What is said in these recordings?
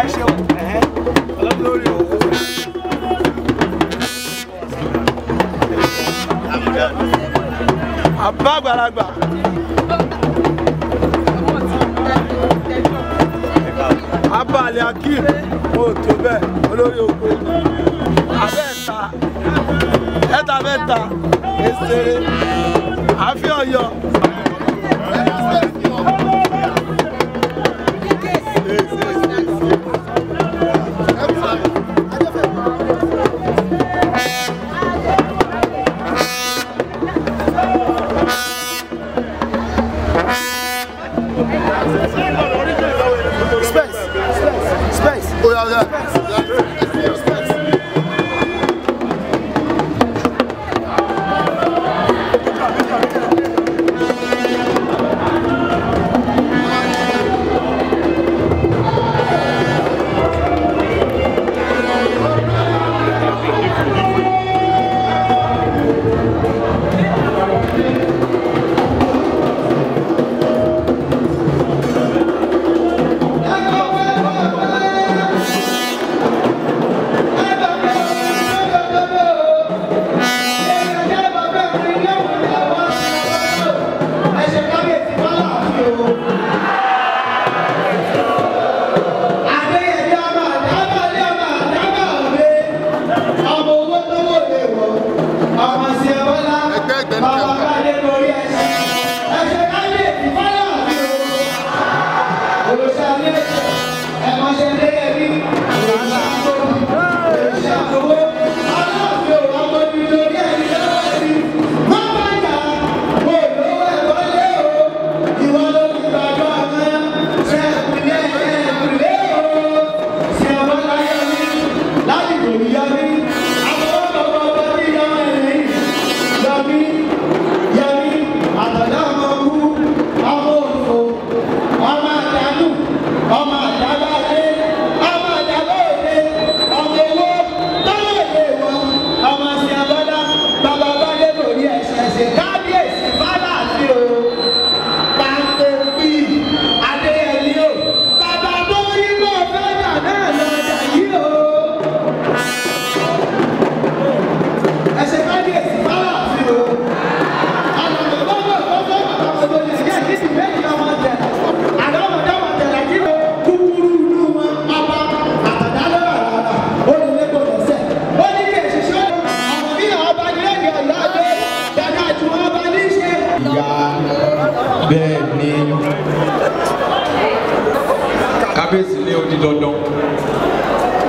ẹ ṣeun ọlọ́run lórí òwò. àbá àgbàlagbà. abalẹ̀ akim ó tó bẹ́ẹ̀ olórí òkú gel gel. gel.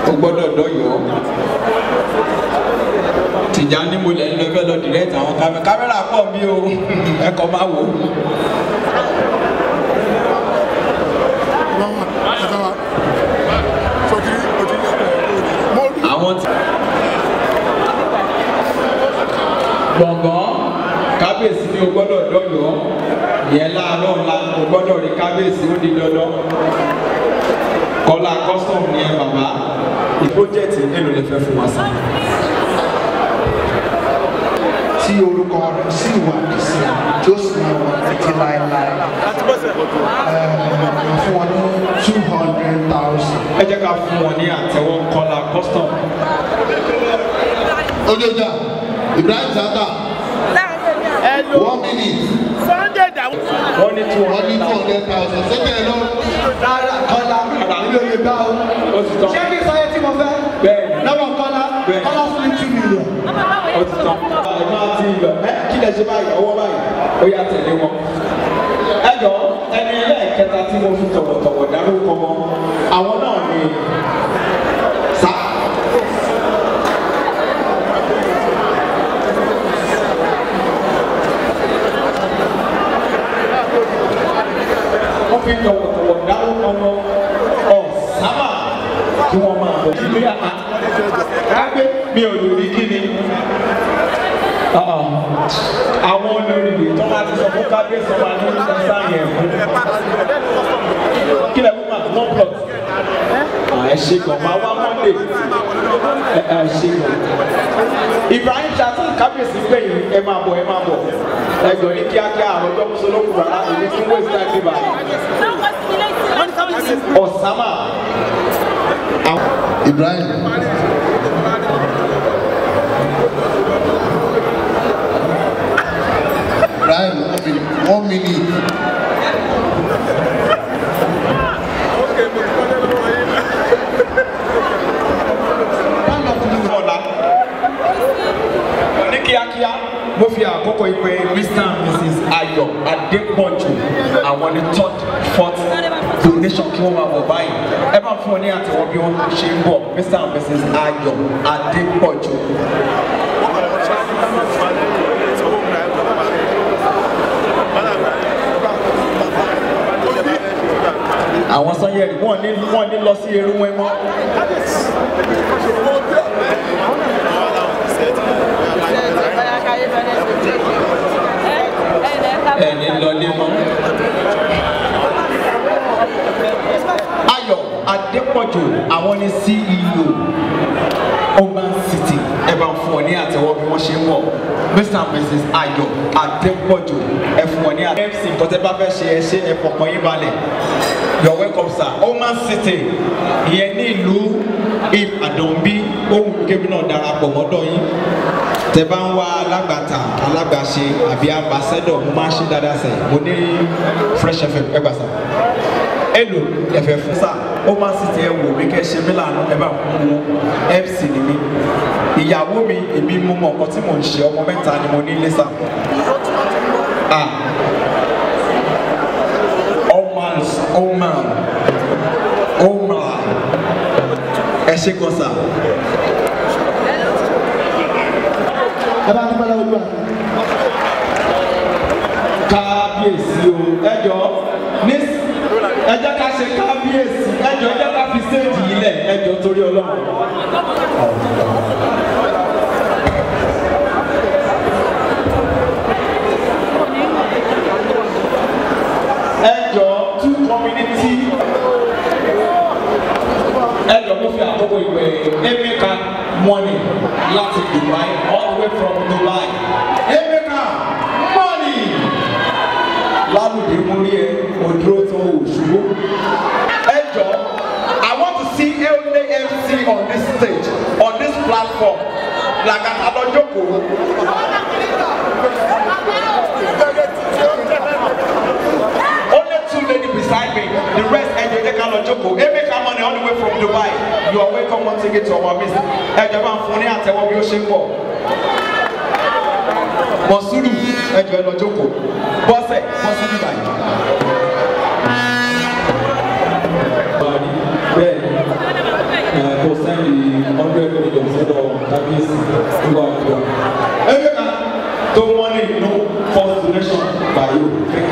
ó gbọ́dọ̀ dọ́yọ̀ Tìjání mo lẹ́ ń lọ fẹ́ lọ direct àwọn kámẹ́ kámẹ́rà pọ̀ mí o ẹ̀kọ́ máa wò gbọ̀ngàn kábíyèsí ni o gbọ́dọ̀ dọ́yọ̀ yẹn láàárọ̀ ńlá o gbọ́dọ̀ rí kábíyèsí ó di dandan kọ́lá kọ́sọ̀mù ni ẹ bàbá bójẹ́tì èlò lè fẹ́ fún wa sá. tí orúkọ rẹ̀ sì wà sí tí ó sì fún wọn ní two hundred thousand. ẹ jẹ́ ká fún wọn ní àtẹ́wọ́ kọ́lá custom. ojoojá Ibrahim Sata one minute. wọ́n ní two hundred thousand. sókè lọ mi ò lè gbà o. ó ti tán. ṣé kí sọyẹ tí mo fẹ́. bẹ́ẹ̀ lọ́wọ́ kọ́lá kọ́lá fún mi two million. ó ti tán. ẹ máa ti yọ ẹ kí lè ṣe báyìí ọwọ́ báyìí ó yà tẹ̀lé wọn. ẹ jọ ẹni ẹlẹ́ẹ̀kẹta tí mo fi tọ̀wọ̀tọ̀wọ̀ dárúkọ wọn àwọn náà ni fi tọ̀wọ̀tọ̀wọ̀ dárúkọ wọn kí wọ́n máa bọ̀ sí bóyá a kágbé mi ò lè rí kíni uh-uh. àwọn olórí rè tó máa ti sọ fún kábíyèsí wa ní sáà yẹn fún kí lè fún màtí wọ́n plọ̀ ẹ ṣe gan máa wá mọ́ndé ẹ ṣe gan. Ibrahim Chatta kábíyèsí pé yìí ẹ máa bọ̀ ẹ máa bọ̀ ẹ gbọ̀n ní kíákíá àwọn ọjọ́ mùsùlùmí rárá èyí tí wọ́n ti dá sí Osama. Ibrahim. Ibrahim one minute one minute. ní kíákíá mo fi àkókò ìpè Mr and Mrs Ayọ̀ Adépọ̀jù àwọn ní third fourth donation kí wọ́n máa bọ̀ báyìí wà fún ọ ní àtẹ̀wọ́ bí wọ́n ṣe ń bọ̀ Mr and Mrs Ayọ̀ Adépọ̀jù. àwọn sanyẹ̀rì wọ́n ní wọ́n ní lọ sí eru wọn mọ́. ẹni lọlé mọ́ adépọ̀jù àwọn ní ceo urban city ẹ bá ń fún ọ ní àtẹ́wọ́ bí wọ́n ṣe ń wọ̀ mr and mrs Ayo. adépọ̀jù ẹ fún ọ ní àtẹ́wọ́ mc nǹkan tẹ́ bá fẹ́ ṣe ẹ ṣe ẹ fọkàn yín balẹ̀ your welcome sir Oman city ìyẹn ní ìlú ìbàdàn bí ohun kébí náà darapọ̀ mọ́dọ̀ yín tẹ bá ń wá alágbàtà alágbàṣe àbí ambassador mo máa ń ṣe dáadáa sẹ mo ní fresh fm ẹgbàá sá èlò ẹfẹ fún sáà ó má sì tẹ wò mí kẹ́ ṣe mí lànà ẹ bá fún un mc ni mí ìyàwó mi èmi mú mọ ọkọ tí mò ń ṣe ọmọ mẹ́ta ni mo ní lẹ́sà. omans oman oma ẹ ṣe kan sá. ẹ kábíyèsí o ẹ jọ ní ẹ ká ṣe kábíyèsí ẹ jọ̀ọ́ ká fi séèjì yìí lẹ̀ torí ọlọ́run. ẹ jọ̀ọ́ two community ẹ jọ̀ọ́ mo fi àkókò ìwé Emeka money láti Dubai all the way from Dubai. Emeka money. lálùdé mo rí ẹ mo Igbo. Ejo, I want to see Eone MC on this stage, on this platform. Like an Adojoko. Only two ladies beside me, the rest Ejo Kalojoko. Ebe Kamani all the way from Dubai. You are welcome once again to our midst. Ejo Manfuni àtẹ̀wọ́ bí ó ṣe ń bọ̀. Mọ̀súrù Ejo Ẹlọ́jọ́kọ̀. Bọ́sẹ̀ Mọ̀súrù báyìí. kò sẹ́ni hundred million no first donation by thank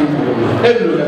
you.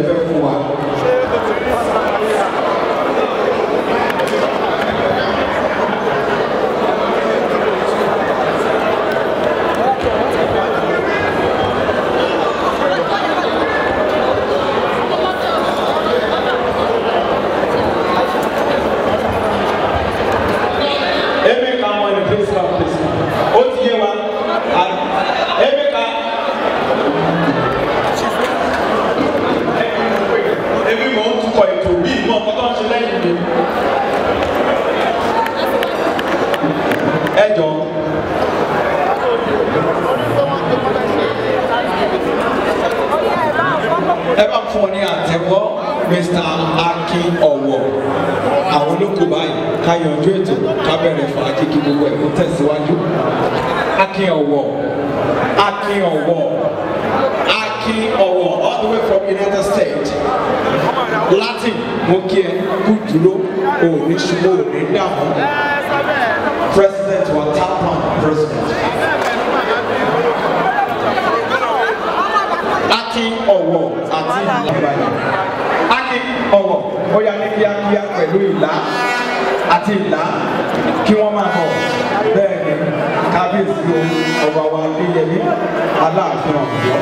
kí gbogbo ẹ̀kọ́ tẹ̀síwájú akin ọ̀wọ̀ akin ọ̀wọ̀ akin ọ̀wọ̀ all the way from United States Latin, mo kí ẹ kú dúró òní ṣùgbọ́n òní dààmú president wa tapan president. akin ọ̀wọ̀ àti ìyàwó akin ọ̀wọ̀ ó yá ní kíákíá pẹ̀lú ìlà àti ìlà kí wọ́n máa bọ̀ bẹ́ẹ̀ ni kábíyèsí ọba wa adéyẹmí aláàfin ọ̀yọ́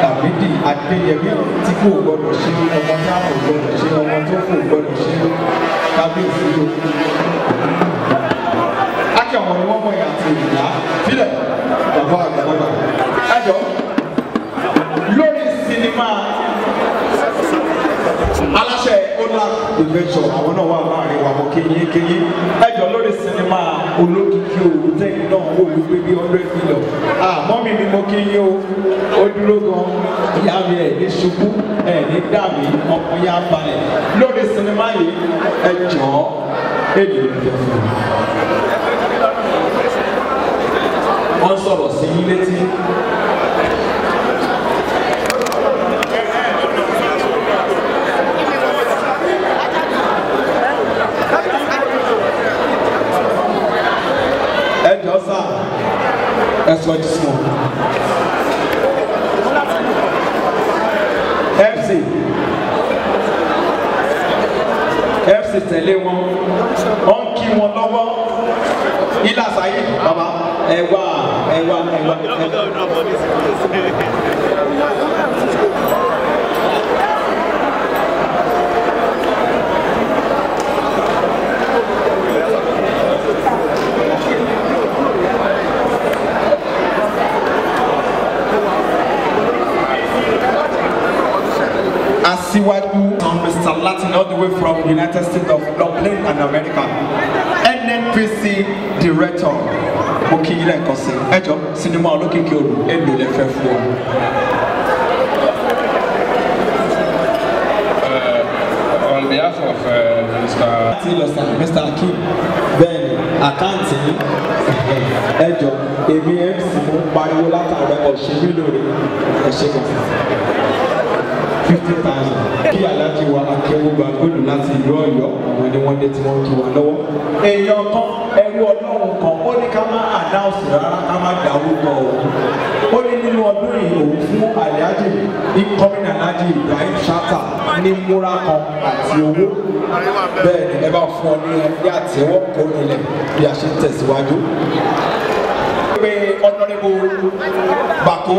dàbídì adéyẹmí tí kò gbọdọ̀ ṣe ọmọ tí a kò gbọdọ̀ ṣe ọmọ tó kò gbọdọ̀ ṣe kábíyèsí o. akẹ́wọ̀n ni wọ́n mọ̀ yà àti ìlà sílẹ̀ bàbá àgbàlagbà ẹ̀jọ̀ lórí sinimá aláṣẹ ọlá ìgbẹ́jọ́ yín kéye ẹjọ lórí sinimá olókìkí òwò tẹ̀yìn náà wò ló gbé bí hundred million àmọ́ mi ni mo kí yín o ó dúró gan ìyá mi ẹ̀ ní ṣubú ẹ̀ ní dàmí ọkàn yá balẹ̀ lórí sinimá yìí ẹjọ́ èdè ìjọ fún mi. wọ́n sọ̀rọ̀ sí yín létí. ẹsọ ẹdí sùn. fc fc tẹ̀lé wọn wọ́n kí wọn lọ́wọ́ ilé àṣàyè bàbá ẹ̀wà ẹ̀wà ẹ̀wà. Asiwaju Mr. Latin all the way from United States of Dublin and America NNPC director mo kí yín lẹ́ẹ̀kan sí ẹ jọ sinimá olókìkí olù èlò fún ọ. Uh, on behalf of uh, Mr. láti Mr. Akin bẹ́ẹ̀ ni àkáǹtì ẹ jọ èmi mc mo ń pariwo látàrí ọ̀ṣun nílò rẹ̀ ẹ ṣe kàn fifty thousand kí aláàjì wa akẹ́wọ́gba gbọ́dọ̀ láti ìlú ọ̀yọ́ àwọn ni wọ́n dé tí wọ́n tu wa lọ́wọ́. èèyàn kan ẹrú ọlọ́run kan ó ní ká má àdáhùsì rárá ká má dàrú pọ̀ ó ní nínú ọdún yìí òun fún aláàjì incoming aláàjì Ibrahim Shatta ní múra kan àti owó bẹ́ẹ̀ ni ẹ bá fún ọ ní ẹgbẹ́ àtẹ́wọ́ kó nílẹ̀ bí a ṣe tẹ̀síwájú. pé ọ̀nà ni mo bàkó.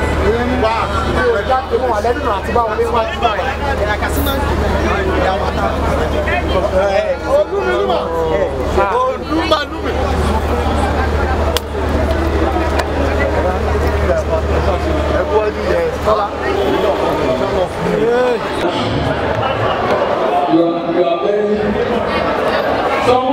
You are, you are very... Someone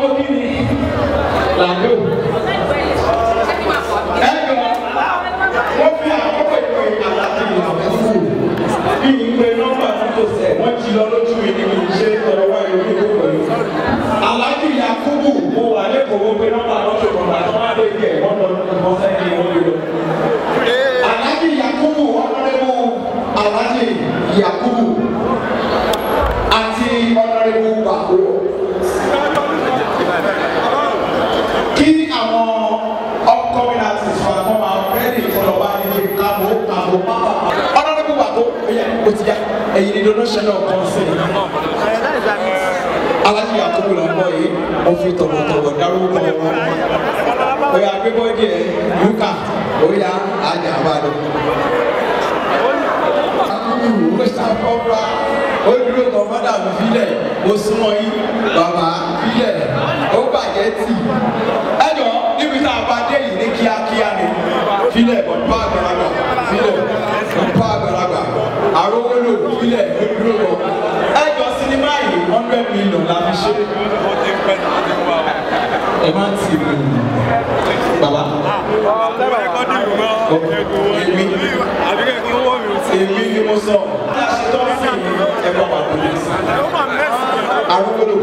fi tọ̀wọ̀tọ̀wọ̀ dárúkọ wọn oya gbégbó díẹ̀ yúkà oya àjàmbádo. mo ṣàkọ́ra ó dúró tọ́ mọ́dà mi fílẹ̀ mo súnmọ́ yín bàbá fílẹ̀ ó bàjẹ́ tì ẹ jọ níbi tá a bá dé yìí ní kíákíá ni fílẹ̀ bọ̀dúbà àgbàlagbà fílẹ̀ bọ̀dúbà àgbàlagbà àròwọ́lò fílẹ̀ ó dúró tọ́ hundred million la fi ṣe. ẹ má ti mú un bàbá. Ah, èmi èmi ni mo sọ tọ́sí ẹ̀rọ àbúlé. àrùn gbọdọ̀.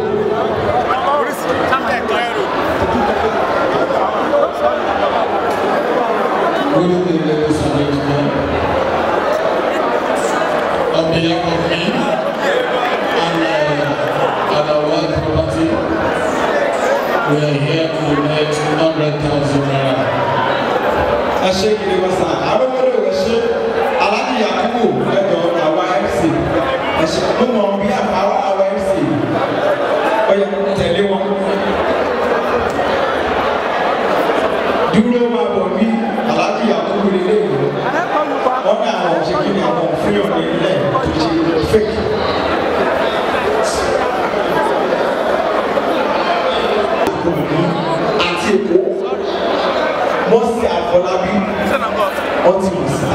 èkó mọ́sí àfọlábí ọtí mọ̀sá.